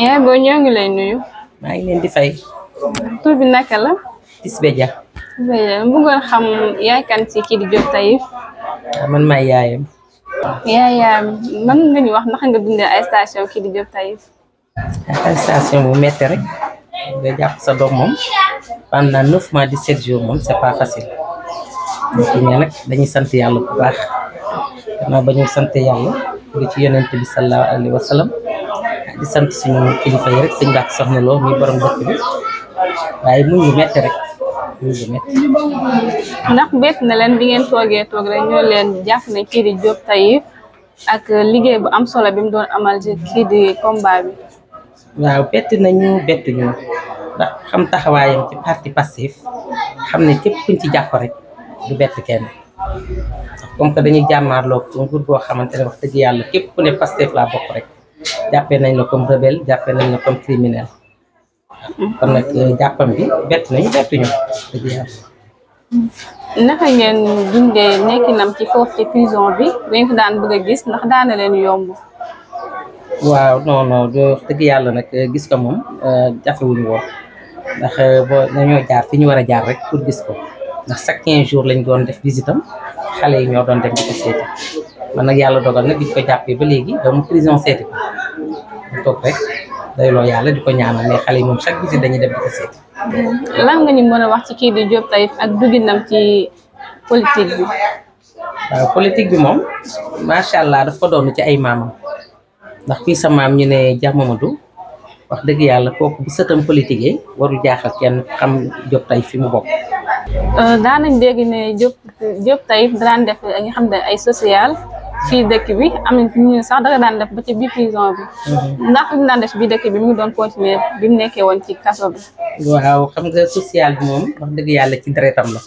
yaa eh, boo ñoo ngi lay nuyu. maa ngi leen di fay. tur bi naka la. Tisbe Dia. Tisbe Dia bëggoon xam yaay kan ci Kidi Diop Taif. Ah, man maay yaayam. yaayam man nga ñu wax ndax nga dundee ay station Kidi Diop Taif. Ah, ay station bu métti rek nga jàpp sa doom moom pendant neuf mois dix-sept jours moom c'est pas facile. donc ñu nag dañuy sant yàlla bu baax. gannaaw ba ñu sant yàlla. ngi ci yonent bi sallallahu alayhi wa di sant suñu kilifa yi rek sëñ Mbacke Soxna Lo muy borom dëkk bi waaye muy lu métti rek muy lu métti. ndax bett na leen bi ngeen toogee toog rek ñoo leen jàpp ne kii di Diop Taïf ak liggéey bu am solo bim mu doon amal ci kii di combat bi. waaw bett nañu bett ñu ndax xam taxawaayam ci parti Pastef xam ne képp kuñ ci jàpp rek du bett kenn. comme que dañuy jàmmaarloo nguur boo xamante ne wax dëgg yàlla képp ku ne Pastef laa bokk rek. jàppee nañ la comme rebelle jàppee nañ la comme criminel kon nag euh, jàppam bi bett nañu bettuñu dëgg yàlla naka ngeen dundee nekkinam ci foofu ci prison bi dañ ko daan bëgg a gis ndax daana leen yomb waaw non non do dëgg yàlla nag euh, gis ko moom euh, jafewuñu woon ndax boo dañoo jaar fi ñu war a jaar rek pour gis ko ndax chaque quinze jours lañ doon def visitam xale yi ñoo doon dem di ko seeti man nag yàlla dogal na biñ ko jàppee ba léegi doomu prison seeti ko mu toog rek doyloo yàlla di ko ñaanal mais xale yi moom chaque visite dañuy dem di ko seeti. lan nga ñu mën a wax ci kii di Diop Taif ak duginam ci politique bi. waaw politique bi moom macha allah daf ko doon ci ay maamam ndax fii sa maam ñu ne Dia Mamadou wax dëgg yàlla kooku bu sëtam politique warul jaaxal kenn xam Diop Taif fi mu bokk. Euh, daanañ dégg ne Diop Diop Taïb da daan def nga xam ne ay social fii dëkk bi am na ñu daan def ba ci biir prison bi. Mhm. dëkk bi mu doon continuer bi mu nekkee woon ci kaso bi. waaw xam nga sociale bi moom ndax dëgg yàlla ci deretam la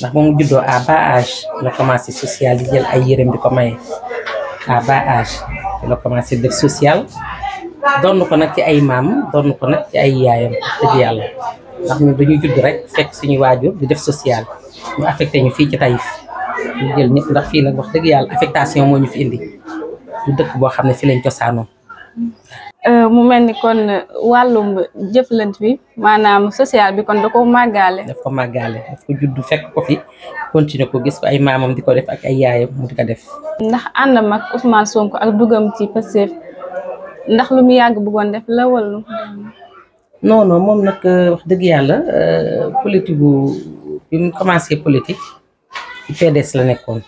ndax ba mu juddoo à bas âge la commencé sociale di jël ay yërëm di ko maye a bas âge la commencé def social doon ko nag ci ay maam doon ko nag ci ay yaayam wax dëgg yàlla. nga xam ne dañuy judd rek fekk suñu waajur di def social ñu affecté ñu fii ci Taïf ñu jël ñëpp ndax fii la wax dëgg yàlla affectation moo ñu fi indi ñu dëkk boo xam ne fi lañ cosaanoo. Euh, mu mel ni kon wàllum jëflante bi maanaam social bi kon da ko màggaale. daf ko màggaale judd fekk ko fi continuer ko gis ko ay maamam di ko def ak ay yaayam mu di ko def. ndax àndam ak Ousmane Sonko ak dugam ci Pastef ndax lu mu yàgg bëggoon def la wala. non non moom nag euh, wax dëgg yàlla euh, politique bu mu commencé politique ci PDS la nekkoon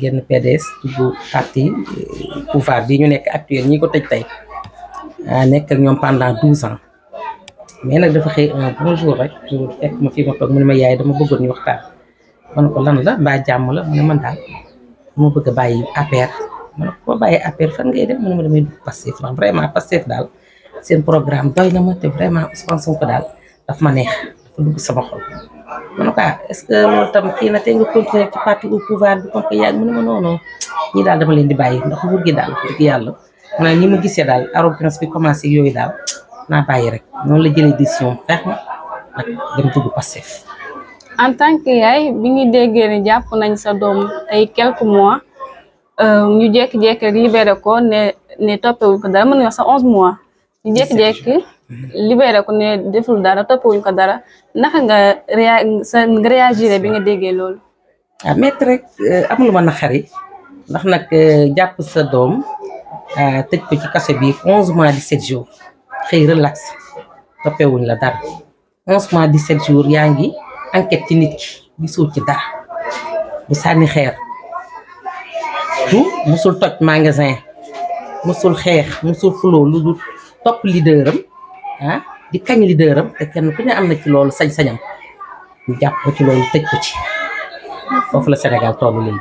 génn PDS dugg parti euh, pouvoir bi ñu nekk actuel ñi ko tëj tey nekk ak ñoom pendant douze ans mais nag dafa xëy un bon jour rek fekk ma fii ma toog mu ne ma yaay dama bëggoon ñu waxtaan ma ne ko lan la mbaa jàmm la mu ne man daal dama bëgg a bàyyi APR ma ne ko bàyyi APR fan ngay dem mu ne ma damay dugg Pastef ndax vraiment Pastef daal seen programme doy na ma te vraiment Ousmane Sonko daal daf ma neex dafa dugg sama xol ma ne ko ah, est-ce que loolu tam kii na tey nga continuer ci parti daal dama leen di bàyyi ndax nguur gi daal dëgg yàlla maanaam gisee daal arrogance commencé yooyu daal naa bàyyi rek noonu la jëlee décision feex na nag tant que yaay bi ñu déggee ne jàpp nañ sa doom ay quelques mois euh, ñu jékki-jékki libéré ko ne ne toppewuñ ko dara mën nga sa onze mois ñu jékki-jékki libéré ne deful dara toppawuñ ko dara naka nga réa réagiré bi nga déggee loolu waaw ah, métti eh, am lu ma naqari ndax nag eh, jàpp sa doom ah, tëj ko ci kaso bii onze mois dix-sept jours xëy relax toppewuñ la dara onze mois dix-sept jours yaa ngi enquête ci nit ki gisoo ci dara bu sànni xeer du musul toj magasin musul xeex musul fuloo lu topp leader am ah di kañ leader kenn ku ne am na ci loolu sañ-sañam ñu jàpp ko ci loolu tëj ko ci foofu la Sénégal tollu léegi.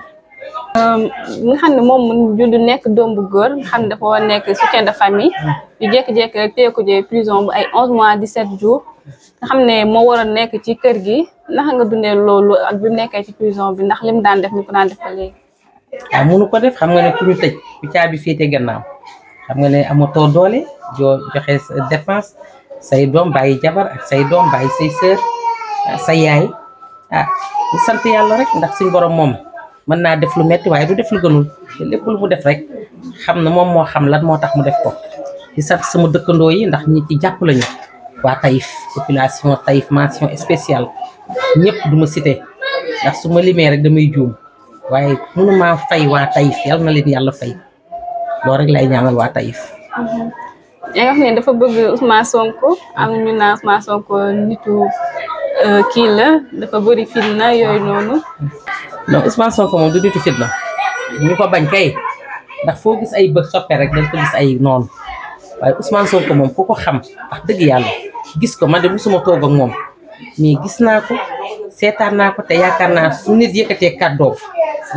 Um, nga xam ne moom mu nekk doom bu góor nga xam ne dafa war nekk soutien de famille. ñu jékki-jékki rek téye ko prison bu ay 11 mois 17 jours. xam ne moo war a nekk ci kër gi naka nga dundee loolu ak bu mu nekkee ci prison bi ndax lim daan def mu ko daan def léegi. waaw ah, mënu ko def xam nga ne ku ñu tëj bu caabi féete gannaaw. xam nga ne amatoo doole joo joxe sa dépense say doom bàyyi jabar ak say doom bàyyi say sœur ah, sa yaay ah ñu sant yàlla rek ndax suñ borom moom mën naa def lu metti waaye du def lu gënul lépp lu mu def rek xam na moom moo xam lan moo tax mu def ko di sant suma dëkkandoo yi ndax ñi ci jàpp lañu waa Taïf population Taïf mention spéciale ñëpp duma site ndax su ma limee rek damay juum waaye mënuma fay waa Taïf yàlla na leen yàlla fay loolu rek lay ñaanal waa Taïf. Mhm. yaa dafa bëgg Ousmane Sonko am ñu naan Ousmane Sonko nitu euh, kii la dafa bëri fitna yooyu noonu. non Ousmane Sonko moom ñu ko bañ kay ndax foo gis ay bët soppe rek dañ ko ay noonu waaye moom ku ko xam wax dëgg yàlla gis ko man de musuma toog ak moom mais gis naa ko seetaan naa ko te yaakaar naa su nit yëkkatee kàddoom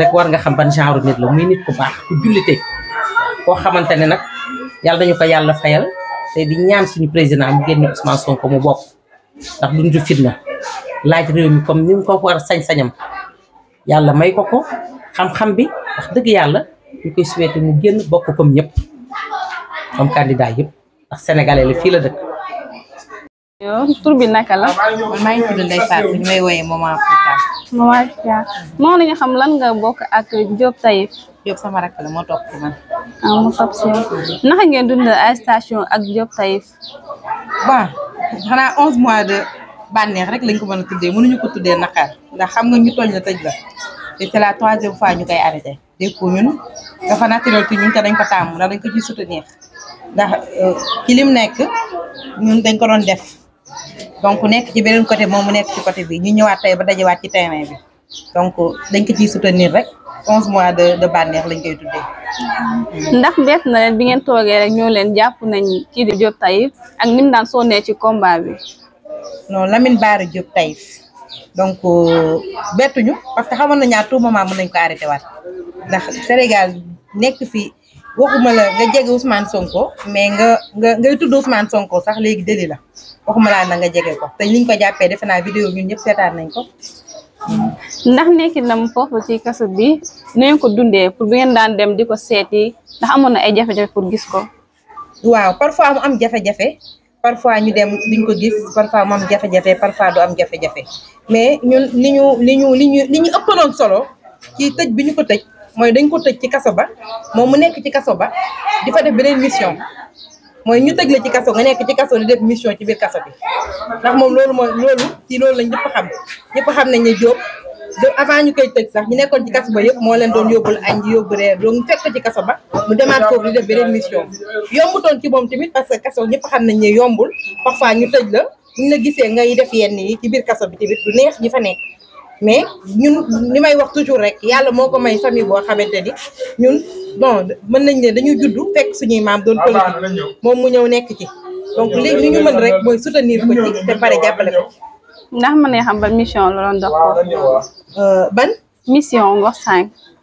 rek war nga xam ban genre nit la muy nit ku baax ku jullite. koo xamante ne nag yàlla dañu ko yàlla fayal te di ñaan suñu président mu génne Ousmane Sonko mu bokk ndax duñ du fitna laaj réew mi comme ni mu ko war a sañ-sañam yàlla may ko ko xam-xam bi wax dëgg yàlla ñu koy souhaité mu génn bokk comme ñëpp comme candidat yëpp ndax sénégalais fii la dëkk. yow tur bi naka la. man maa ñu xam lan nga bokk ak Diop Taïf. Diop sama rakk la moo topp ci man. ah moo topp ngeen dundal ay station ak Diop Taïf. bon xanaa onze mois de bànneex rek lañ ko mën a tuddee mënuñu ko tuddee naqar ndax xam nga ñu tooñ la tëj la te c'est trois troisième fois ñu koy arrêté. dégg ko ñun dafa naturel ci ñun te dañ ko taamu ndax dañ ko ciy soutenir ndax euh, ci lim nekk ñun dañ ko doon def donc nekk ci beneen côté moom mu nekk ci côté bi ñu ñëwaat tey ba dajewaat ci terrain bi donc dañ ko ciy soutenir rek. onze mois de de bànneex lañ koy tuddee. ndax bett na leen bi ngeen toogee rek ñoo leen jàpp nañ kii di Diop Taïf ak ni mu daan sonnee ci combat bi. lamin baar Bara Diop Taïf donc euh, bettuñu parce que xamoon nañu à tout moment nañ ko arrêté waat ndax Sénégal nekk fi waxuma la nga jege Ousmane Sonko mais nga nga ngay tudd Ousmane Sonko sax léegi deli la waxuma laa na nga jege ko te liñ ko jàppee defe naa vidéo ñun ñëpp seetaan nañ ko. ndax nekki nam foofu ci kaso bi nu ngeen ko dundee pour bu ngeen daan dem di ko seeti ndax amoon na ay jafe-jafe pour gis ko. waaw parfois mu am jafe-jafe parfois ñu dem duñ ko gis parfois mu am jafe-jafe am jafe-jafe mais ñun li ñu li ñu li ñu li ñu ëppaloon solo ci tëj bi ñu ko tëj mooy dañ ko tëj ci kaso ba moom mu nekk ci kaso ba di fa def beneen mission. mooy ñu tëj la ci kaso nga nekk ci kaso di def mission ci biir kaso bi ndax moom loolu mooy loolu ci loolu lañ ñëpp xam ñëpp xam nañ ne Diop de avant ñu koy tëj sax ñu nekkoon ci kaso ba yëpp moo leen doon yóbbul añ yóbbu reer donc mu fekk ba mu demaat foofu di def beneen mission yombutoon ci moom tamit parce que kaso ñëpp xam nañ ne yombul parfois ñu tëj la ñu la gisee ngay def yenn yi ci biir kaso bi tamit du neex ñi fa nekk mais ñun li may wax toujours rek yàlla moo ko may famille boo xamante ni ñun bon mën nañ ne dañu judd fekk suñuy maam doon politique moom mu ñëw nekk ci donc léegi li ñu mën rek mooy soutenir ko ci te pare jàppale ko ndax mën nga ban mission la doon dox euh, ban mission Ngor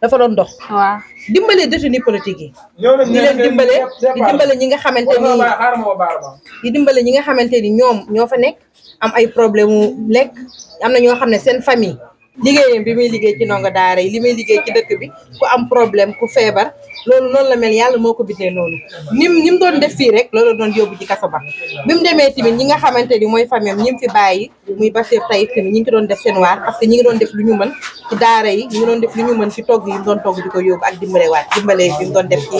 dafa doon dox waaw dimbale détenu politique yi di leen dimbale di ñi nga xamante ni di dimbale ñi nga xamante ni ñoom ñoo fa nekk am ay problème mu lekk am na ñoo xam ne seen famille liggéeyam bi muy liggéey ci nongo daara yi li muy liggéey ci dëkk bi ku am problème ku feebar loolu loolu la mel yàlla moo ko bindee loolu nim ni mu doon def fii rek loolu doon yóbbu ci kaso ba bi mu demee tamit ñi nga xamante ni mooy famille am ñi fi bàyyi muy Bassirou Taye tamit ñi ngi doon def seen ngi doon def lu ñu mën ci daara yi ñi ngi doon mu doon di ko yóbbu ak dimbale waat dimbale def ci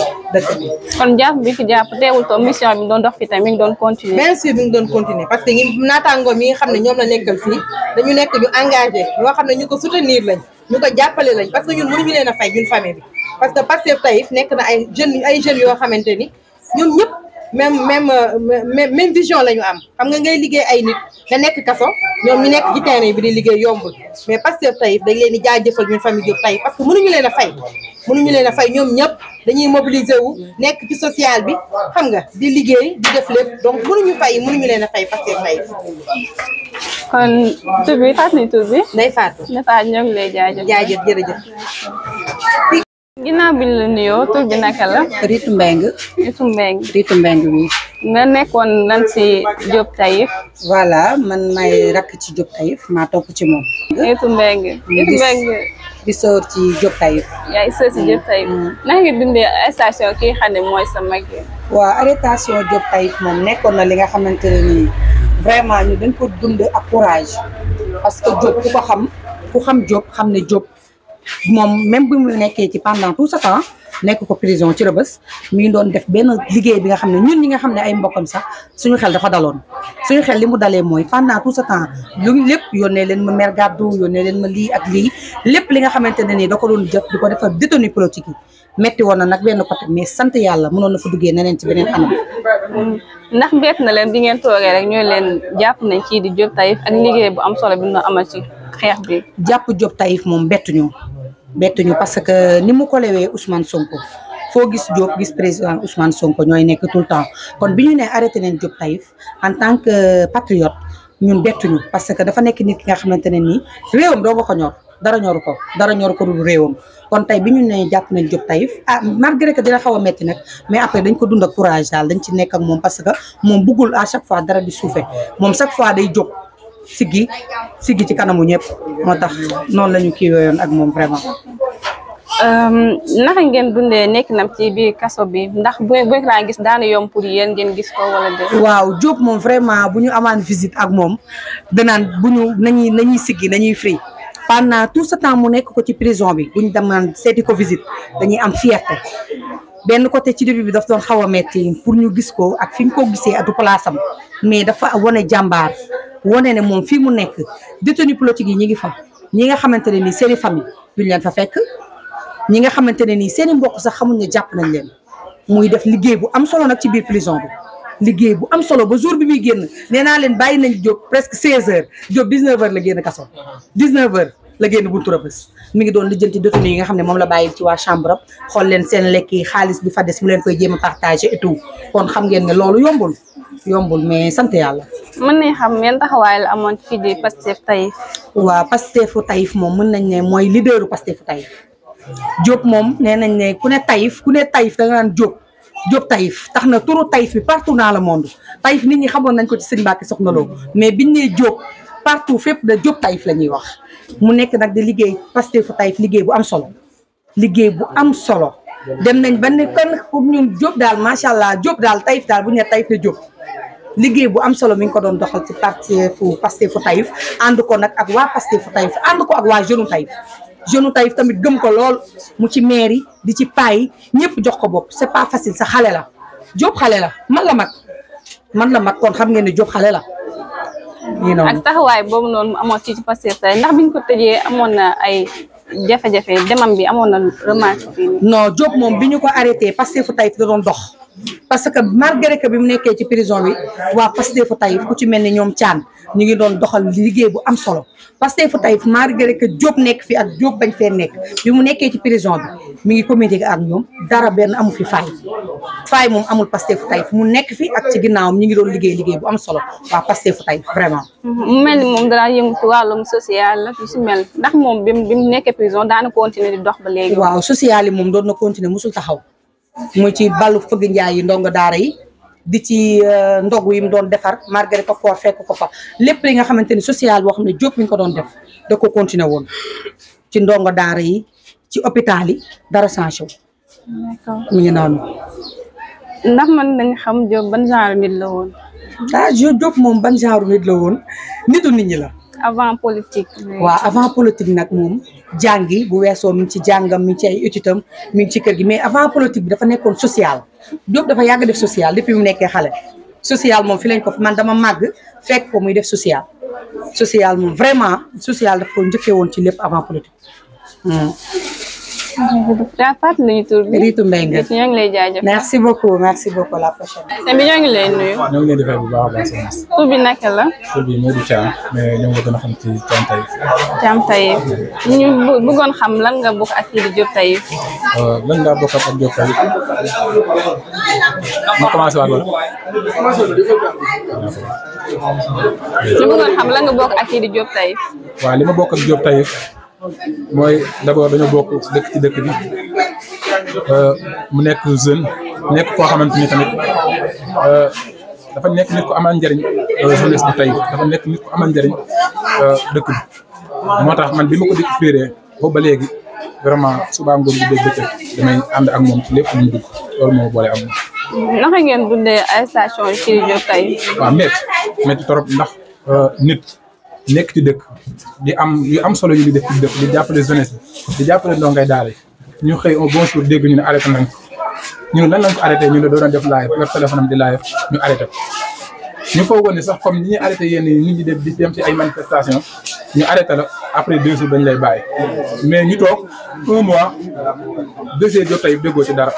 kon jàpp bi fi jàpp teewul to mission bi doon dox fi tamit doon continuer parce que ñi naataangoom yi nga xam ne ñoom la nekkal fii dañu nekk ñu engagé ñoo xam ne ñu ko soutenir lañ ñu ko jàppale lañ parce que ñun mënuñu leen a fay ñun famille bi parce que Pastef Taïf nekk na ay jeunes ay jeunes yoo xamante ni ñoom ñëpp même même même vision la ñu am xam nga ngay liggéey ay nit nga nekk kaso ñoom ñu nekk ci terrain bi di liggéey yombul mais Pastef Taïf dañ leen di jaajëfal ñun famille Diop Taïf parce que mënuñu leen a fay mënuñu leen a fay ñoom ñëpp dañuy mobiliser wu nekk ci social bi xam nga di liggéey di def lépp donc mënuñu fay ñu leen a fay Pastef Taïf kon tur bi fàttali tur bi. Ndeye Fatou Ndeye Fatou ñoo ngi lay jaajëf jaajëf jërëjëf. ginnaaw bi ñu la nuyoo tur bi naka la. Ritu Mbeng. Ritu Mbeng. Ritu Mbeng bi. nga nekkoon lan si Diop Taïf. voilà man may rakk ci Diop Taïf maa topp ci moom. Ritu Mbeng. Ritu Mbeng. di sóor ci Diop Taïf. yaay sóor ci Diop Taïf. Mm. naka nga dundee arrestation kii xam ne mooy sa mag waaw arrétation Diop Taïf moom nekkoon na li nga xamante ne nii vraiment ñu dañ ko dund ak courage parce que Diop ku ko xam ku xam Diop xam ne Diop. moom même bi mu nekkee ci pendant tout sa temps nekk ko prison ci Rebeuss mu ngi doon def benn liggéey bi nga xam ne ñun ñi nga xam ne ay mbokkam sax suñu xel dafa daloon suñu xel li mu dalee mooy pendant tout sa temps lu lépp yónnee leen ma mère Gadou yónnee leen ma lii ak lii lépp li nga xamante ne nii da ko doon jëf di ko defa détenu politique yi metti woon na nag benn ko mais sant yàlla mënoon na fa duggee neneen ci beneen anam ndax bett na leen bi ngeen toogee rek ñoo leen jàpp nañ ci di Diop Taïf ak liggéey bu am solo bi ñu amal ci xeex bi jàpp Diop Taïf moom bettuñu bettuñu parce que ni mu ko lewee Ousmane Sonko foo gis Diop gis président Ousmane sonk ñooy nekk tout temps kon bi ñu nee arrêté neen Diop Taïf en tant que patriote ñun bettuñu parce que dafa nekk nit ki nga xamante ne nii réewam doo nga ko ñor dara ñoru ko dara ñoru ko dul réewam kon tey bi ñu ne jàpp nañ Diop Taïf ah malgré que dina xaw a metti nag mais après dañ ko dund ak courage dañ ci nekk ak moom parce que moom buggul à chaque fois dara di suufe moom chaque fois day jóg siggi siggi ci kanamu ñëpp moo tax noonu la ñu kii woyoon ak moom vraiment. naka ngeen dundee nekk nam ci biir kaso bi ndax bu ngeen laa gis daana yomb pour yéen ngeen gis ko wala déet. waaw Diop moom vraiment bu ñu amaan visite ak moom danaan bu ñu nañuy nañuy siggi nañuy free pendant tout ce temps mu nekk ko ci prison bi bu ñu demaan seeti ko visite dañuy am fierté. benn côté ci début bi daf doon xaw a metti pour ñu gis ko ak fi ñu ko gisee atu place am mais dafa wane jàmbaar wane ne moom fii mu nekk détenu politique yi ñi ngi fa ñi nga xamante ne nii seen i famille duñ leen fa fekk ñi nga xamante ne nii seen i mbokk sax xamuñ ne jàpp nañ leen muy def liggéey bu am solo nag ci biir prison bi liggéey bu am solo ba jour bi muy génn nee naa leen bàyyi nañ Diop presque 16 heures Diop 19 heures la génn kaso 19 la génn buntu rëbës mi ngi doon lijjanti détenu yi nga xam ne moom la bàyyi ci waa chambre xool leen seen lekk yi xaalis bi fa des mu leen koy jéem a partagé et tout kon xam ngeen ne loolu yombul yombul mais sant yàlla. mën nañ xam ngeen taxawaay la amoon fii di Pastef Taïf. waaw Pastefu Taïf moom mën nañ ne mooy libeeru leaderu Pastefu Taïf Diop moom nee nañ ne ku ne Taïf ku ne Taïf da nga naan Diop. Diop Taïf tax na turu Taïf bi partout dans le monde Taïf nit xamoon nañ ko ci sëñ Mbacke Soxna Lo partout fépp da Diop Taïf la ñuy wax mu nekk nag di liggéey Pastef Taïf liggéey bu am solo liggéey bu am solo dem nañ ba ne kon pour ñun Diop daal macha allah Diop daal Taïf daal bu ñu nee Taïf liggéey bu am solo mi ngi ko doon doxal ci parti fu Pastef Taïf ànd ko nag ak waa Pastef Taïf ànd ko ak waa jeune Taïf jeune Taïf tamit gëm ko lool mu ci maire yi di ci paa ñëpp jox ko bopp c'est pas facile sa xale la Diop la man la mag man la mag kon xam ngeen ne Diop xale la ñu noonu ak taxawaay boobu noonu amoon ci Pastef tey ndax biñ ko tëjee amoon na ay jafe-jafe demam bi amoon na remarque bi. non moom bi ñu ko arrêté Pastef fu tey da doon dox. parce que malgré que bi mu nekkee ci prison bi waa Pastef Taif ku ci mel ni ñoom caan ñu ngi doon doxal liggéey bu am solo Pastef Taif malgré que Diop nekk fi ak Diop bañ fee nekk mu nekkee ci prison mi ngi communiqué ak ñoom dara benn amu fi faay faay moom amul Pastef Taif mu nekk fii ak ci ginnaawam ñu ngi doon liggéey liggéey bu am solo waa Pastef Taif vraiment mu mel ni moom danaa yëngu ci wàllum social la su mel ndax moom bi mu nekkee prison daana continuer di dox ba léegi waaw social yi moom doon na continuer musul taxaw mu ci ballu fëgg njaay yi ndongo daara yi di ci euh, ndog yi mu doon defar Margarita Koor fekk ko fa lépp li nga xamante ni social boo xam ne Diop mi ngi ko doon def da ko continuer woon ci ndongo daara yi ci hôpital yi dara changé wu mu ndax man danga xam Diop ban genre nit la woon ah moom ban genre nit la woon nitu nit la avant politique. waaw avant politique nag moom jàngi bu weesoo mi ci jàngam mi ngi ci ngi ci kër gi mais avant politique bi dafa nekkoon social. Diop dafa yàgg def social depuis mu nekkee xale. social moom fi lañ ko man dama màgg fekk ko muy def social. social moom vraiment social dafa ko njëkkee woon ci lépp avant politique. Hmm. Rapat lañu tur bi Ritu Mbengue ñoo ngi lay jaajëf merci beaucoup merci beaucoup la prochaine. sëñ bi ñoo ngi lay nuyu. ñoo ngi leen di baax a baax sëñ bi. tur bi naka la. tur bi Modou Thiam mais ñoo ngi gën a xam ci bëggoon xam lan nga bokk ak kii di Diop Taïf. Euh, lan ngaa bokk ak Diop commencé waat di Diop Taïf. waaw li ma bokk ak Diop Taïf. mooy d'abord dañoo bokk dëkk ci dëkk bi euh, mu nekk jeune nekk koo xamante ni tamit euh, dafa nekk nit ku amal njariñ euh, jeunesse tey dafa nekk nit ku amal dëkk bi moo tax man bi ma ko découvrir boobu vraiment subaa ngoon bu dégg bëccëg damay ànd ak moom ci lépp mu dugg loolu moo boole am naka ngeen dundee arrestation Sidy Diop tey. waaw métti métti ndax nit. nekk ci dëkk di am yu am solo yu ñu def ci dëkk di jàppale jeunesse bi di jàppale ndongay daara yi ñu xëy au bon jour dégg ñu ne arrêté nañ ko ñu ne lan lañ ko arrêté ñu ne doo doon def live yor téléphone am di ñu arrêté ñu foogoon ne sax comme ni ñuy arrêté yenn nit ñi def di dem ci ay ñu arrêté la après deux jours dañ lay bàyyi mais ñu toog un mois deux jot tey déggoo ci dara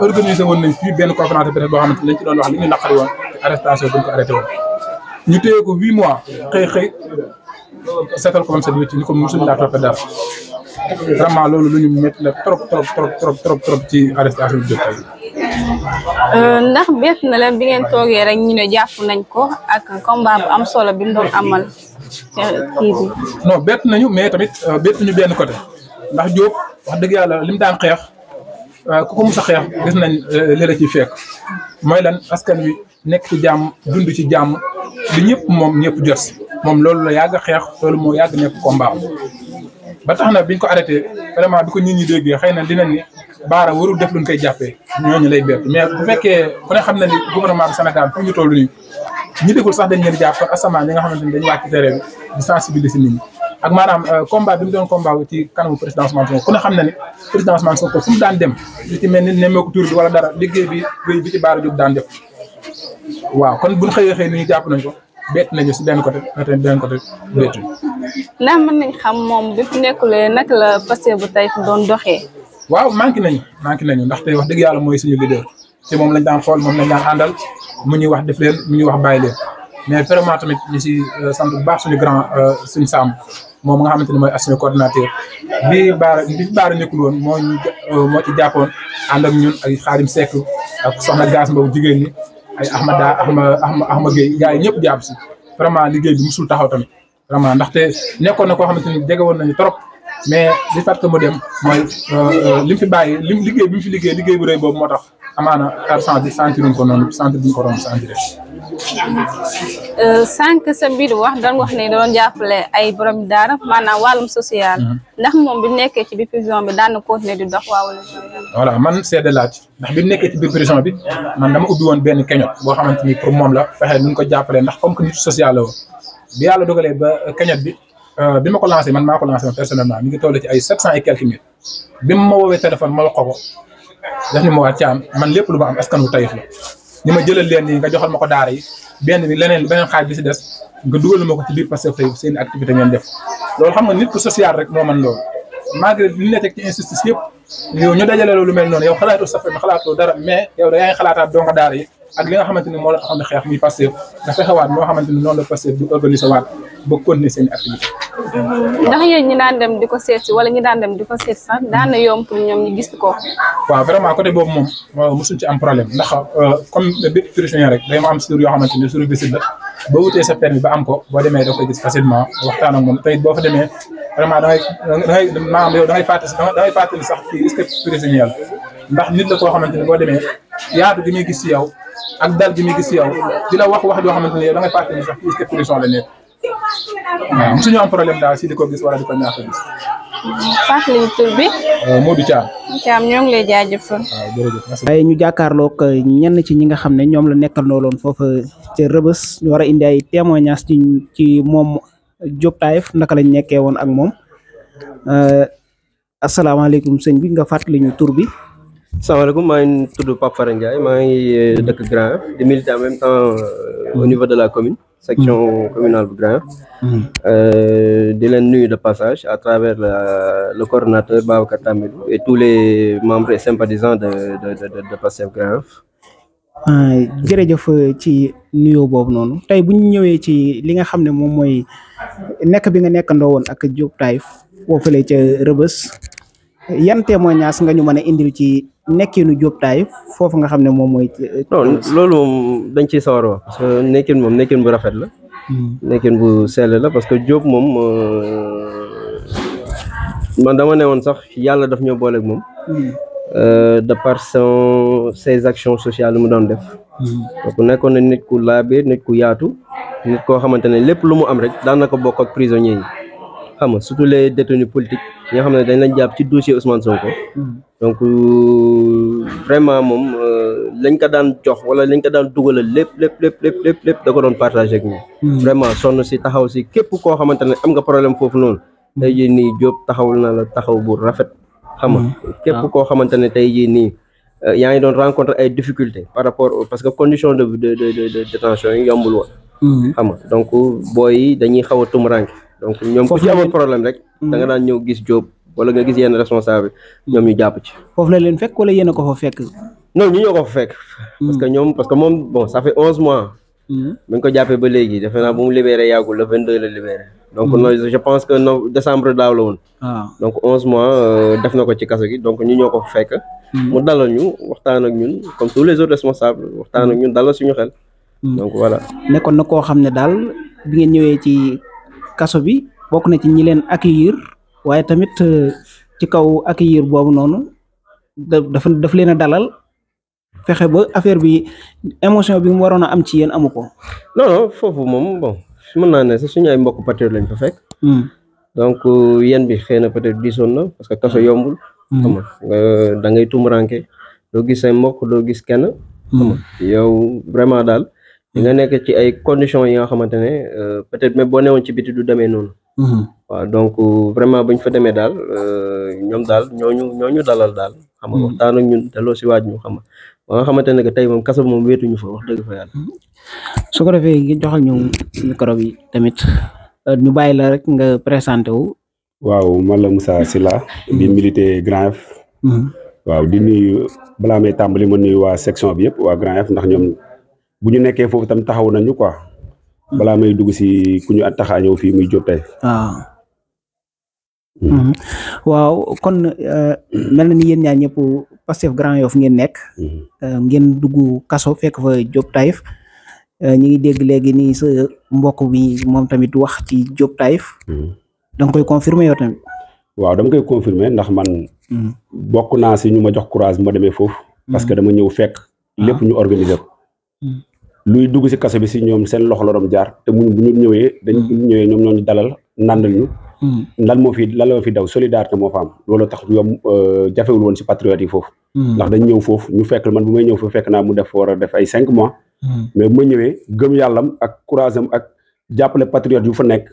organisé woon nañ fii benn conférence boo xamante ne lañ ci doon wax woon ci arrestation bi woon ñu téye ko huit mois xëy xëy seetal ko ba mu set wécc ni ko mosul laa toppee dara vraiment loolu lu ñu métti la trop trop trop trop trop trop ci arrestation bi jot euh, ndax bett na leen bi ngeen toogee rek ñu ne jàpp nañ ko ak combat am solo bi mu doon amal kii bett nañu mais tamit euh, bett nañu benn côté ndax Diop wax dëgg yàlla li mu daan xeex. ku ko musa xeex gis nañ euh, li ci fekk mooy lan askan wi nekk ci jàmm dund ci jàmm li ñëpp moom ñëpp jot moom loolu la yàgg a xeex loolu moo yàgg nekk combat ba tax na biñ ko arrêté vraiment bi ko nit ñi déggee xëy na dinañ ni baara warul def luñ koy jàppee ñooñu lay bett mais bu fekkee ku ne xam na ni gouvernement du Sénégal fu ñu toll nii ñi dégul sax dañ leen jàpp asamaan ñi nga xam ne ni dañ wàcc terrain bi di sensibiliser nit ñi ak maanaam euh, combat bi mu doon combat wu ci kanamu président Ousmane Sonko ku ne xam na ne président Ousmane daan dem li ci mel ni nemmeeku tur wala dara liggéey bi wéy bi ci baara jóg daan def waaw kon bu xëyee xëy ni ñu jàpp nañ ko bett nañu si benn côté benn côté bettu. ndax mën nañ xam moom bi fi nekkulee naka la passé bu tey doon doxee. waaw manqué nañu manqué nañu ndaxte wax dëgg yàlla mooy suñu leader te moom lañ daan xool moom lañ daan àndal mu ñuy wax def leen mu ñuy wax bàyyi leen mais vraiment tamit ñu si euh, sant bu baax suñu grand euh, suñu sàmm. moom nga xamante ne mooy assuñu coordinateur bi baara bi baara nekkul woon moo ñu euh, moo ci jàppoon ànd ak ñun ay Xaadim Seck ak soxna Gaas Mbow jigéen ñi ay Ahmada Ahma Ahma Ahma Gueye gars yi ñëpp jàpp si vraiment liggéey bi musul taxaw tamit vraiment ndaxte nekkon na ko xamante ni jege woon nañu trop mais di fàtte mu dem mooy euh, euh, li mu fi bàyyi lim liggéey bi mu fi liggéey liggéey bu rëy boobu moo tax amaana argent bi sentir ko noonu sentir duñ ko doon sentir Euh, sànq sa biir wax doon wax ne doon jàppale ay borom daara maanaam wàllum social. Mhm. ndax moom bi nekkee ci biir prison bi daan na continuer di dox waaw wala. man seede laaj ndax bi nekkee ci biir prison bi man dama ubbi woon benn keñot boo xamante ni pour moom la fexe nu ko jàppalee ndax comme que nit social la woon bi yàlla dogalee ba euh, keñot bi. Euh, bi ma ko lancé man maa ko lancé man personnellement mi ngi toll ci ay sept cent et quelques mille bi mu ma woowee téléphone ma wax ko ko daf ni ma man lépp lu ma am askan wu Taïf la. ni ma jëlal leen nii nga joxal ma ko daara yi benn bi leneen beneen xaaj bi si des nga dugal ma ko ci biir Pastef tey seen activité ngeen def loolu xam nga nit ku social rek moo mën loolu malgré li ñu la teg ci injustice yëpp yow lu mel noonu yow xalaatoo safar xalaatoo dara mais yow da ngay xalaataat doo nga daara yi ak li nga xamante ne moo la xam ne xeex muy Pastef nga fexewaat moo xamante ni noonu la Pastef du organiser waat ba continuer seen activité. ndax yéen ñi daan dem di ko seet si wala ñi daan dem di ko seet sax daan na yomb pour ñoom ñu gis ko. waaw vraiment côté boobu moom euh, mosuñ ci am problème ndax euh, comme bépp prisonnier rek yoo xamante ni sur visite la boo wutee ba am ko boo demee da koy gis facilement waxtaan ak moom tey boo fa demee vraiment da ngay da ngay maanaam sax kii est prisonnier ndax nit la koo xamante ne boo demee yaatu gi muy gis ci yow ak dal gi muy gis ci yow wax wax joo xamante ne yow da ngay fàtte ni sax la nekk waaw mosuñu am problème daal a bi. Euh, Modou ñoo ngi lay jaajëfal. waaw ñu jàkkaarloog euh, ñenn ci ñi nga xam ne ñoom la nekkal noo loon foofa ca Rëbës ñu war a indi ay témoignages ci ci moom Diop Taïf naka lañ nekkee woon ak moom euh, asalaamaaleykum sëñ bi nga fàttali ñu tur bi. salaamaaleykum maa ngi tudd Pape Fara Ndiaye maa ngi eh, dëkk Grand di militer même temps euh, au niveau de la commune. section mm. communale bu Grand. Mm. Euh, di leen nuyu de passage à travers euh, le coordonnateur Babacar Tamidou et tous les membres et sympathisants de de de de Pastef Grand. jërëjëf ci nuyoo boobu noonu tey bu ñëwee ci li nga xam ne moom mooy nekk bi nga nekkandoo woon ak Diop Taïf foofu la ca Rebeuss yan témoignage nga ñu mën ci. nekkiinu Diop Taïf foofu nga xam ne moom mooy. non loolu moom dañ ciy sawar wa parce que nekkin moom nekkin bu rafet la. Hmm. nekkin bu sell la parce que jóob moom euh, man dama ne woon sax yàlla daf ñoo booleeg moom. Hmm. Euh, de par son ses actions sociales mu doon def. Hmm. donc nekkoon na nit ku laabir nit ku yaatu. nit koo xamante ne lépp lu mu am rek daan ko bokk ak prisonniers yi. xam nga surtout les détenus politiques ñi nga xam ne dañ lañ jàpp ci dossier Ousmane Sonko. donc euh, vraiment moom euh, lañ ko daan jox wala lañ ko daan dugalal lépp lép lépp lépp lépp lépp da ko doon partagé hmm. vraiment sonn si taxaw si képp koo xamante ne am nga problème foofu noonu. Hmm. tey jii nii Diop taxawul na la taxaw bu rafet. xam nga hmm. képp ah. koo xamante ne tey jii nii. Euh, yaa ngi doon rencontre ay difficultés par rapport parce que condition de détention yi yombul woon. xam nga donc booy yi dañuy xaw a tumuraanke donc ñoom ku ci amoon problème hmm. ko fa fekk. non ñu ñoo hmm. parce que ñoom parce que moom bon ça hmm. ba ñu ko jàppee naa bu mu libéré yàggul pense que no décembre daaw la woon. Ah. donc mois euh, def na ko ci kaso gi donc ñu ñoo ko fa mu dalal ñu waxtaan ak ñun comme tous les autres responsables waxtaan ak ñun dalal suñu xel. donc voilà. nekkoon na koo xam ne daal bi ngeen ñëwee ci. kaso bi bokk na ci ñi leen accueillir waaye tamit euh, ci kaw accueillir boobu noonu dafa daf leen a dalal fexe ba affaire bi émotion bi mu waroon a am ci yéen amu ko. non foofu moom bon mën naa ne sax suñu ay mbokk patriote lañ fa fekk. Hmm. donc euh, yéen bi xëy na peut-être diisoon na parce que kaso hmm. yombul. Hmm. xam nga euh, da ngay tumuraanke doo gis say mbokk doo gis kenn. yow vraiment daal. di nga nekk ci ay conditions yi nga xamante ne euh, peut-être mais boo newoon ci biti du demee noonu. Mm-hmm. waaw donc vraiment buñ fa demee daal euh, ñoom daal ñooñu ñooñu dalal daal. xam nga mm-hmm. waxtaan ak ñun delloo si waaj ñu xam nga ba nga xamante ne que tey moom kaso moom wéetuñu fa wax dëgg fa yàlla. Mm-hmm. su ko defee ngi joxal ñu micro bi tamit euh, ñu bàyyi la rek nga présenté wu. waaw man la Moussa Sylla. di militer Grand F. waaw di nuyu balaa may tàmbali ma nuyu waa section bi yëpp waa Grand F ndax ñoom. bu ñu nekkee foofu tam taxaw nañu quoi hmm. balaa may dugg si ku ñu at tax a ñëw fii muy Diop ah. hmm. hmm. waaw kon eh, mel na ni yéen ñaar ñëpp Pastef Grand Yoff ngeen nekk. Eh, ngeen dugg kaso fekk fa Diop Taif eh, ñu ngi dégg léegi nii sa mbokk bi moom tamit wax ci Diop Taif. koy confirmer yow tamit. waaw dama koy confirmer ndax man. bokk naa si ñu ma jox courage ma demee foofu. parce que dama ñëw fekk lépp ah. ñu organiser ko. luy dugg si kaso bi si ñoom seen loxo la doon jaar te mu ñu ñëwee. dañ hmm. ñëwee ñoom ñoo ñu dalal nàndal ñu. Hmm. lan moo fi lan la fi daw solidarité moo fa am loolu tax ñoom euh, jafewul woon si patriote yi foofu. Hmm. ndax dañ ñëw foofu ñu fekk man bu may ñëw foofu fekk naa mu def war a def ay cinq mois. mais bu ma ñëwee gëm yàllam ak courage am ak jàppale patriote yu fa nekk.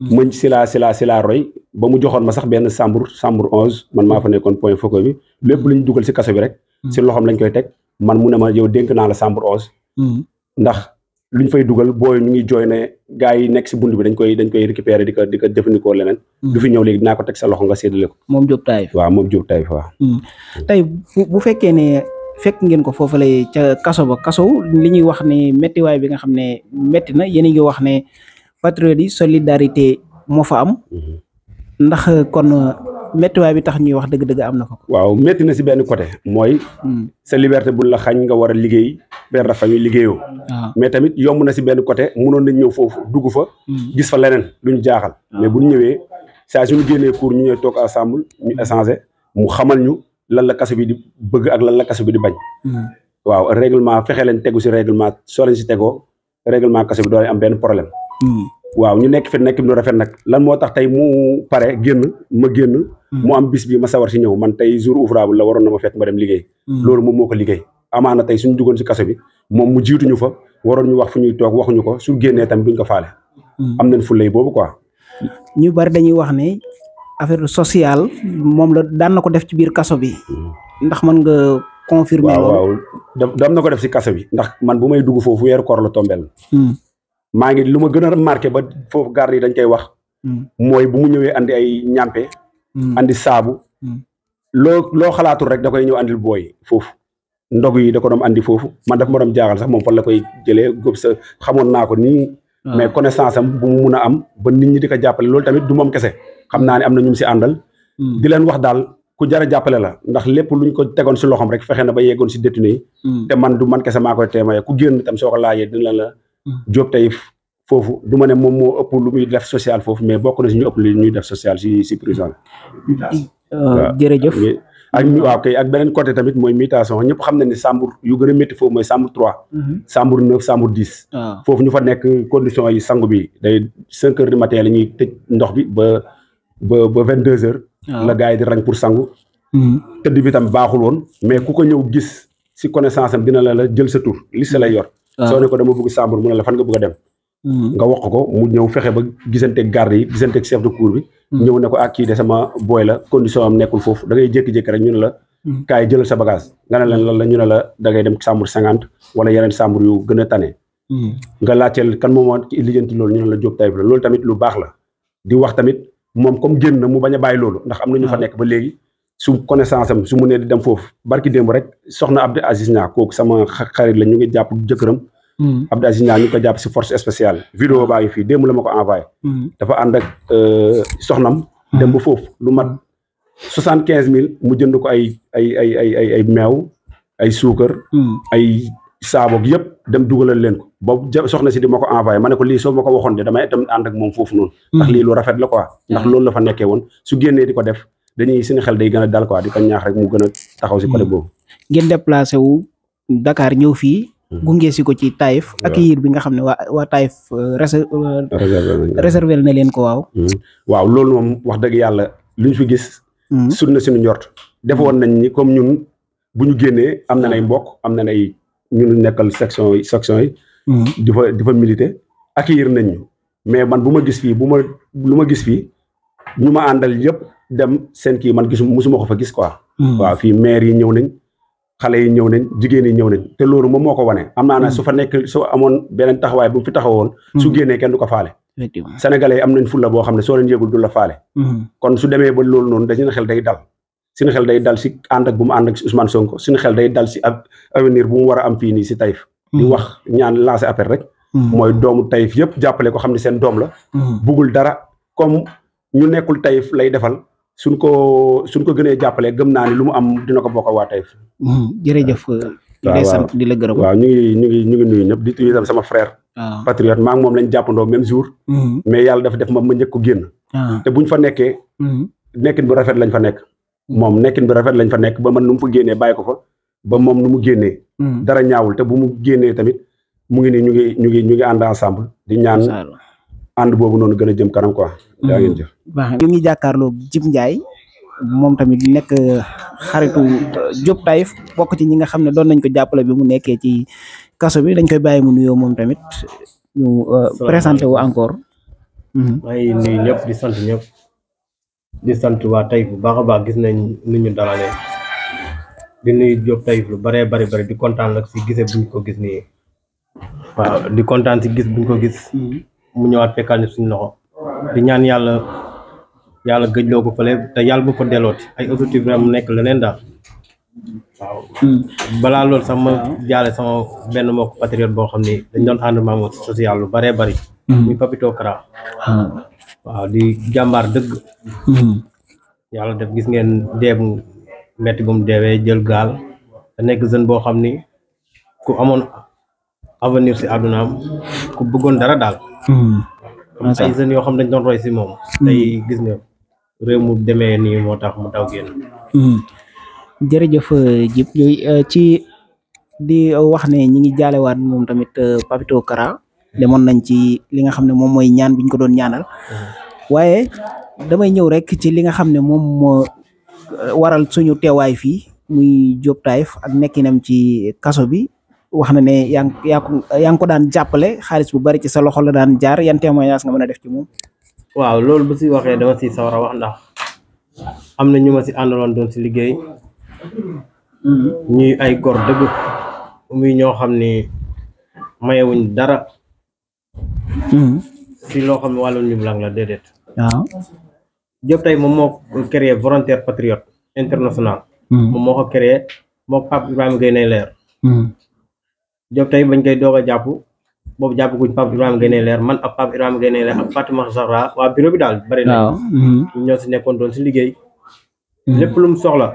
mën si laa si laa si laa roy ba mu joxoon ma sax benn chambre chambre onze man maa fa nekkoon point focal bi lépp lu ñu dugal si kaso bi rek. si loxoom lañ koy teg man mu ne ma yow dénk naa la chambre onze. Hmm. ndax luñ fay dugal booy ñu ngi jooy ne gars yi nekk si bunt bi dañ koy dañ koy récupérer di ko di ko jëfandikoo leneen. Hmm. du fi ñëw léegi dinaa ko teg sa loxo nga séddale ko. moom Diop Taïf waaw moom Diop Taïf hmm. tey bu fekkee ne fekk ngeen ko foofalee ca kaso ba kaso li ñuy wax ne méttiwaay bi nga xam ne métti na yéen a ngi wax ne patriote yi solidarité moo fa am. ndax kon méttiwaay bi tax ñuy wax dëgg-dëgg am na ko. waaw metti na si benn côté mooy. Hmm. sa liberté bul la xañ nga war a liggéey benn dafa ñuy liggéeyoo. Ah. mais tamit yomb na si benn côté mënoon nañ ñëw foofu dugg fa. Hmm. gis fa leneen luñ jaaxal. Ah. mais bu ñu ñëwee saa suñu génnee ñu ñëw toog ensemble ñu hmm. échanger mu xamal ñu lan la kaso bi di bëgg ak lan la kaso bi di bañ. waaw règlement fexe leen tegu si réglement soo leen si tegoo règlement kaso bi doo am benn problème. waaw ñu nekk fi nekk lu rafet nag lan moo tax tey mu pare génn ma génn. Hmm. mu am bis bi ma sawar si ñëw man tey jour ouvrable la waroon na ma fekk ma dem liggéey. Hmm. loolu moom moo ko liggéey. amaana tey suñu duggoon si kaso bi moom mu jiituñu fa waroon ñu wax fu ñuy toog waxuñu ko su génnee tamit duñ ko faale. Hmm. am nañ fulay boobu quoi. bari dañuy wax ne affaire sociale moom la daan na ko def ci biir kaso bi. ndax mën nga confirmer loolu waaw waaw daan na ko def si kaso bi. ndax man bu may dugg foofu weeru koor la tombeel. maa ngi lu ma gën a marqué ba foofu garde yi dañ koy wax mm. mooy bu mu ñëwee andi ay ñàmpe mm. andi saabu mm. loo loo xalaatul rek da koy ñëw andil booy foofu ndog yi da ko doon andi foofu man daf ma doom jaaxal sax moom fan la koy jëlee góob sa xamoon naa ko nii ah. mais connaissance bu mu mun a am ba nit ñi di ko jàppale loolu tamit du moom kese xam naa ne am na ñu si àndal di leen wax daal ku jar a jàppale la ndax lépp luñ ko tegoon si loxoom rek fexe na ba yeggoon si détenu yi te man du man kese maa koy témoigner ku génn tam soo ko laajee dina la Diop mm. Taïf foofu du ma ne moom moo ëpp lu muy def social foofu mais bokk na si ñu ëpp li ñuy def social si si prison la. Euh, jërëjëf ak ak beneen côté tamit mooy mutation ñëpp xam na ne chambre yu gën a mooy chambre trois mm-hmm. chambre neuf chambre dix ah. foofu ñu fa nekk condition yi sangu bi day cinq heures du matin la ñuy tëj ndox bi ba ba ba vingt deux heures ah. la gars yi di rang pour sangu mm-hmm. tëdd bi tam baaxul woon mais ku ko ñëw gis si connaissance am dina la la jël sa tur liste lay yor Ah. soo ne ko dama bëgg chambre mu ne la fan nga bëgg a dem hmm. nga wax ko mu ñëw fexe ba gisanteeg garde yi gisanteeg chef de cour bi hmm. ñëw ne ko ak ah, kii de sama booy la condition am nekkul foofu da ngay jékki ñu ne la hmm. kaay jëlal sa bagage nga ne leen la ñu ne la da ngay dem chambre cinquante wala yeneen sambur yu gën a tane nga laajteel kan moom moo lijjanti loolu ñu ne la Diop Taïb la loolu tamit lu baax la di wax tamit moom comme génn na mu bañ a bàyyi loolu ndax am na ñu fa ah. nekk ba léegi su connaissance am su mu nee di dem foofu barki démb rek soxna Abdou Aziz Niang kooku sama xarit la ñu ngi jàpp jëkkëram. Hmm. Abdou Aziz Niang ñu ngi ko jàpp si force spéciale. vidéo hmm. baa fii démb la ma ko envoyé. Hmm. dafa ànd ak euh, soxnam. dem ba foofu lu mat soixante quinze mille mu jënd ko ay ay ay ay ay ay meew ay suukar. ay saaboog yëpp dem dugalal leen ko ba soxna si di ma ko envoyé ma ne ko lii soo ma ko waxoon de damay itam ànd ak moom foofu noonu. ndax lii lu rafet la quoi. ndax loolu la fa nekkee woon su génnee di ko def. dañuy suñu xel day gën a dal quoi di ko ñaax rek mu gën a taxaw si côté mm. boobu. ngeen déplacé wu Dakar ñëw fii. Mm. gunge si ko ci Taïf. ak yiir bi nga xam ne waa waa Taïf euh, euh, réservé na leen ko waaw. Mm. waaw loolu moom wax dëgg yàlla ñu fi gis. sut na suñu njort. defoon nañ ni comme ñun bu ñu génnee am na nay ah. mbokk am na nay ñun nekkal sections yi sections yi. di fa di fa milité. accueillir nañ ñu mais man bu ma gis fii bu ma lu ma gis fii ñu ma àndal yëpp. dem seen kii man gisu musuma ko fa gis quoi. Hmm. waaw fii maire yi ñëw nañ xale yi ñëw nañ jigéen yi ñëw nañ te loolu moom moo ko wane. am naa hmm. su fa nekk su amoon beneen taxawaay bu mu fi taxawoon. su hmm. génnee kenn ko faale. boo xam ne soo leen yëgul du la faale. kon su demee ba loolu noonu dañu xel day dal. suñu xel day dal si ànd ak bu mu ànd ak Ousmane Sonko suñu xel day dal si ab avenir bu mu war a am fii nii si Taïf. di wax ñaan lancer appel rek. mooy doomu Taïf yëpp jàppale ko xam ne seen doom la. bugul dara comme ñu nekkul Taïf lay defal suñ ko suñ ko gënee jàppalee gëm naa ni lu mu am dina ko bokk waa Taïf. Hmm, jërëjëf. ñu ngi sant di la gërëm waaw ñu ngi ñu ngi ñu ngi nuyu ñëpp di nuyu sama frère. Ah. patriote maa moom lañ jàppandoo même jour. Hmm. mais yàlla dafa def ma ma njëkk ko génn. Ah. te buñ fa nekkee. Hmm. nekkin bu rafet lañ fa nekk. moom nekkin bi rafet lañ fa nekk ba man nu mu fa génnee bàyyi ko fa ba moom nu mu génnee. dara ñaawul te bu mu génnee tamit mu ngi nii ñu ngi ñu ngi ñu ngi ànd ensemble di ñaan. ànd boobu noonu gën a jëm kanam quoi. yaa ngeen mm-hmm. jëf. baax ñu ngi jàkkaarloo Djib Ndiaye moom tamit nekk euh, xaritu Diop euh, Taïf bokk ci ñi nga xam ne doon nañ ko jàppale bi mu nekkee ci kaso bi dañ koy bàyyi mu nuyoo moom tamit ñu euh, présenté wu encore. Mm-hmm. maa ngi di sant ñëpp di sant waa Taïf bu baax a baax gis nañ ni ñu dalalee di nuyu Diop Taïf lu baree bari bari di kontaan nag si gisee buñ ko gis nii waaw di kontaan si gis buñ ko gis. Mm-hmm. mu ñëwaat fekkaat ñu suñu loxo di ñaan yàlla yàlla gëjloo ko fële te yàlla bu fa dellooti ay objectif mu nekk leneen daal waaw balaa loolu sax jaale sama benn mbokk patriote boo xam ni dañ doon ànd maamu social lu baree bari hmm. muy Papito Kara ah. waaw di jàmbaar dëgg hmm. yàlla def gis ngeen dee bu metti bu deewee jël gaal te nekk jeune boo xam ni ku amoon avenir si àddunaam ku bëggoon dara daal Hmm. am ay jeunes yoo xam dañ doon roy si moom hmm. tey gis nga réew mu demee nii moo tax mu daw génn hmm. jërëjëf euh, Djib euh, ci di euh, wax ne ñi ngi jaalewaat moom tamit Papito Kara demoon nañ ci li nga xam ne moom mooy ñaan biñ ko doon ñaanal waaye damay ñëw rek ci li nga xam ne moom moo waral suñu teewaay fii muy Diop Taïf ak nekkinam ci kaso bi wax na ne yaa ngi yaa ngi daan jàppale xaalis bu bari ci sa loxo la daan jaar yan témoignage nga mën a def ci moom. waaw loolu bu si waxee dama si sawar a wax ndax am na ñu ma si àndaloon doon si liggéey mm-hmm. ñuy ay gor dëgg muy ñoo xam ni mayewuñ dara. Mm-hmm. si loo xam ne wàllum njublang la déedéet. waaw. Ah. Diop tey moom moo créé volontaire patriote international. Mm-hmm. moom moo ko créé moo Pape Ibrahima Gueye nay leer. Diop tey bañ koy doog a jàpp boobu jàpp guñ Pape Ibrahima Guèye leer man ak Pape Ibrahima Guèye leer ak Fatima Zahra waa bureau bi daal bari na mhm. ñoo si nekkoon doon si liggéey mhm. lépp lu mu soxla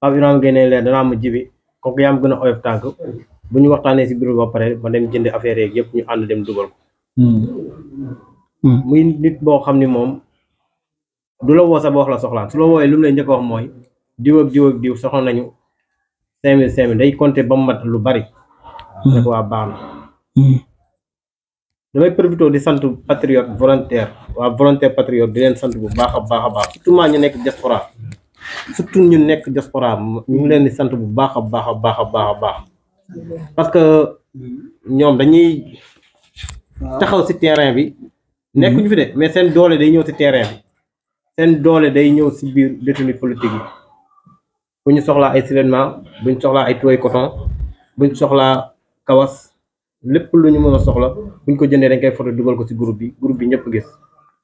Pape Ibrahima Guèye leer danaa ma jibi kooku yaa am gën oyof tànk bu ñu waxtaanee si bureau ba pare ma dem jënd affaire yeeg yëpp ñu ànd dem dugal mhm. muy nit boo xam ni moom du la woo sa ba wax la soxlaan su la wooyee lu lay njëkk wax mooy diw ak diw soxla nañu cinq mille day compter ba mu mat lu bari rek hmm. waa baax na hmm. damay profité di sant patriote volontaire waa volontaire patriote di leen sant bu baax a baax a baax surtout maa ñu nekk diaspora surtout ñu nekk desporaa ñu ngi leen di sant bu baax a baax baax a baax a baax que ñoom dañuy taxaw ci terrain bi nekk ñu fi de mais seen doole day ñëw ci terrain bi seen doole day ñëw si biir détenu politique yi bu ñu soxlaa ay silenement buñ ñu soxlaa ay tuway coton bu soxlaa kawas lépp lu ñu mën a soxla buñ ko jëndee dañ koy photo dugal ko ci groupe bi groupe bi ñëpp gis.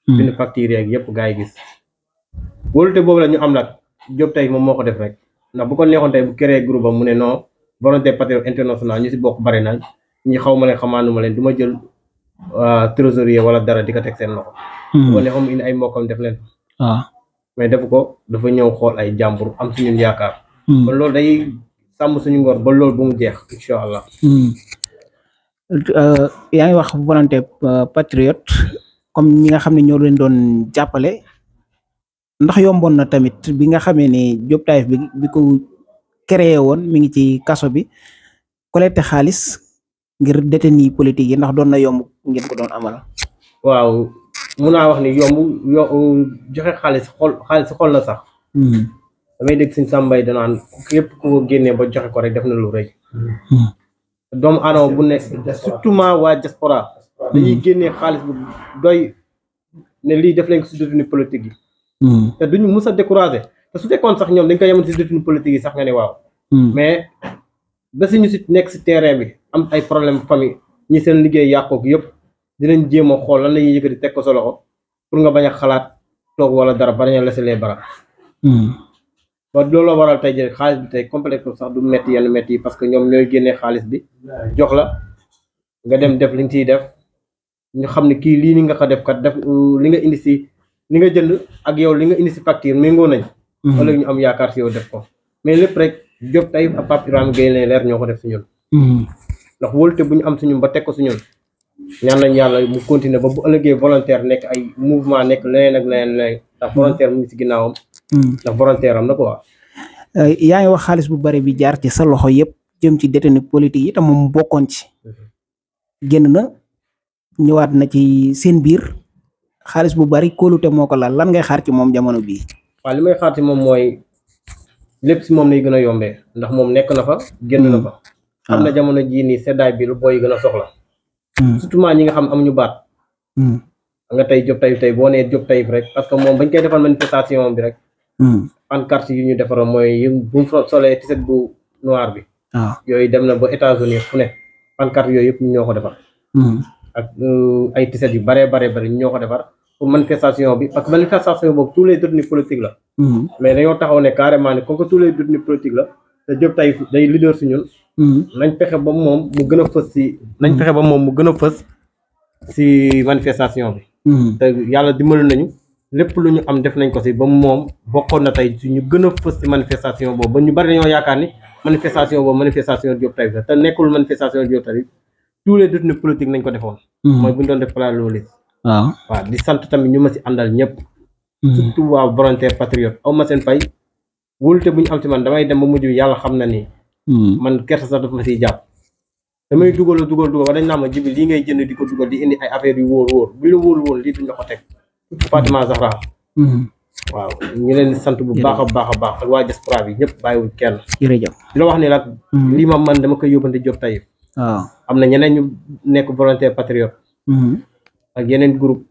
Hmm. bind facture yeeg yëpp gaa yi gis. wóolute boobu la ñu am nag jot tey moom moo ko def rek ndax bu ko neexoon tey bu créé groupe am mu ne non volonté patriote international ñu ci bokk bari nañ ñi xaw ma leen xamaanu ma leen du ma jël euh, trésorier wala dara di ko teg seen loxo. Hmm. bu ko neexoon indi ay def leen. waaw ah. mais def ko dafa ñëw xool ay jàmbur am ci ñun yaakaar. Hmm. loolu day sàmm suñu ngor ba loolu bu mu jeex incha allah. Hmm. Euh, yaa ngi wax volonté euh, patriote comme ñi nga xam ne ñoo leen doon jàppale ndax yomboon na tamit bi nga xamee ne Diop bi bi ko créé woon mi ngi ci kaso bi collecté xaalis ngir détenu politique yi ndax doon na yomb ngeen ko doon amal. waaw mun naa wax ni yomb yo joxe xaalis xol xaalis sax. Hmm. damay dégg sëñ Sàmbaay danaan képp ku ko génnee ba joxe ko rek def na lu rëy hmm. doomu aadama bu nekk surtout ma waa diaspora hmm. dañuy génnee xaalis bu doy ne lii def lañ ko si détenu politique yi hmm. te duñu mus a découragé te su fekkoon sax ñoom dañ ko yemal si détenu politique yi sax nga ne waaw mais ba si ñu si nekk si terrain bi am ay problème famille ñi seen liggéey yàqook yëpp dinañ jéem a xool lan la ñuy yëkkati teg ko sa loxo pour nga bañ a xalaat toog wala dara baraña lesi les bara ba looloo waral tey jii xaalis bi tey complexe sax du métti yenn métti yi parce que ñoom ñooy génnee xaalis bi jox la nga dem def li nga ciy def ñu xam ne kii lii ni nga ko def kat def li nga indi si ni nga jënd ak yow li nga indi si facture méngoo nañ mm-hmm. wala ñu am yaakaar si yow def ko mais lépp rek Diop tey ak Pape Ibrahima leer ñoo ko def si ñun mm-hmm. ndax wóolute bu ñu am si ñun ba teg ko si ñun ñaan nañ yàlla mu continuer ba bu ëllëgee volontaire nekk ay mouvement nekk leneen ak leneen leneen ndax volontaire mu ngi si ginnaawam. Hmm. ndax volontaire am na quoi. Euh, yaa wax xaalis bu bari bi jaar ci sa loxo yëpp jëm ci détenu politique yi te ci. Hmm. génn na ñëwaat na ci seen biir xaalis bu bari kóolute moo ko lan ngay xaar ci moom jamono bii. waaw li moom mooy lépp si moom lay gën a yombee ndax moom nekk na fa génn na hmm. fa. xam na ah. jamono ji nii seddaay bi lu booy gën a soxla. surtout ñi nga xam amuñu baat. nga tey Diop Taïf tey boo nee Diop Taïf rek parce que moom bañ koy defal manifestation bi rek. pancarte hmm. yu ñu defaroon mooy yu bu mu solee tiset bu noir bi. waaw ah. yooyu dem na ba États-Unis fu ne pancarte yooyu yëpp ñoo ko defar. Hmm. ak uh, ay tiset yu baree baree bari ñoo ko defar pour manifestation bi parce que manifestation boobu tous les détenus politiques la. Hmm. mais dañoo taxaw ne carrément ne comme que tous les détenus politiques la te Diop Taïf day leader si ñun. nañ fexe ba moom mu gën a fës si. nañ fexe ba moom mu gën a fës si manifestation bi. Mm-hmm. te yàlla dimbali nañu lépp lu ñu am def nañ ko si ba moom bokkoon na tey si ñu gën a fës si manifestation boobu ba ñu bari dañoo yaakaar ni manifestation boobu manifestation Diop Taïf la te nekkul manifestation Diop les détenus nañ ko defoon. Mm-hmm. mooy bu ñu doon def plan loolu waaw waaw di sant tamit ñu ma si àndal ñëpp. Mm-hmm. surtout waa volontaire patriote aw ma seen fay wóolute bu ñu am si man damay dem ba mujj yàlla xam na ni. man kersa sax daf ma siy jàpp. damay dugal dugal dugal ba dañ naa ma jibi lii ngay jënd di ko dugal di indi ay affaire yu wóor wóor bu ñu la wóor woon lii duñ la ko teg Fatima Zahra mm-hmm. waaw ñu leen sant bu baax a baax a baax ak waa diaspora bi ñëpp bàyyiwul kenn jërëjëf di la wax ni nag mm-hmm. lii ma man dama koy yóbbante Diop Taïf waaw ah. am na ñeneen ñu nekk volontaire patriote mm-hmm. ak yeneen groupe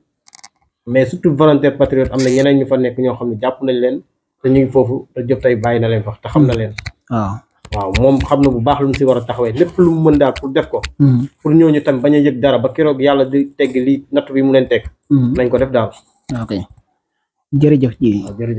mais surtout volontaire patriote am na ñeneen ñu fa nekk ñoo xam ne jàpp nañ leen te ñu foofu te Diop Taïf bàyyi na leen fa te xam na leen ah. waaw moom xam na bu baax lu mu si war a taxawee lépp lu mën daal pour def ko. Hmm. pour ñooñu tam bañ a yëg dara ba keroog yàlla di tegg li natt bi mu leen teg. Hmm. nañ ko def daal. ok jërëjëf ji.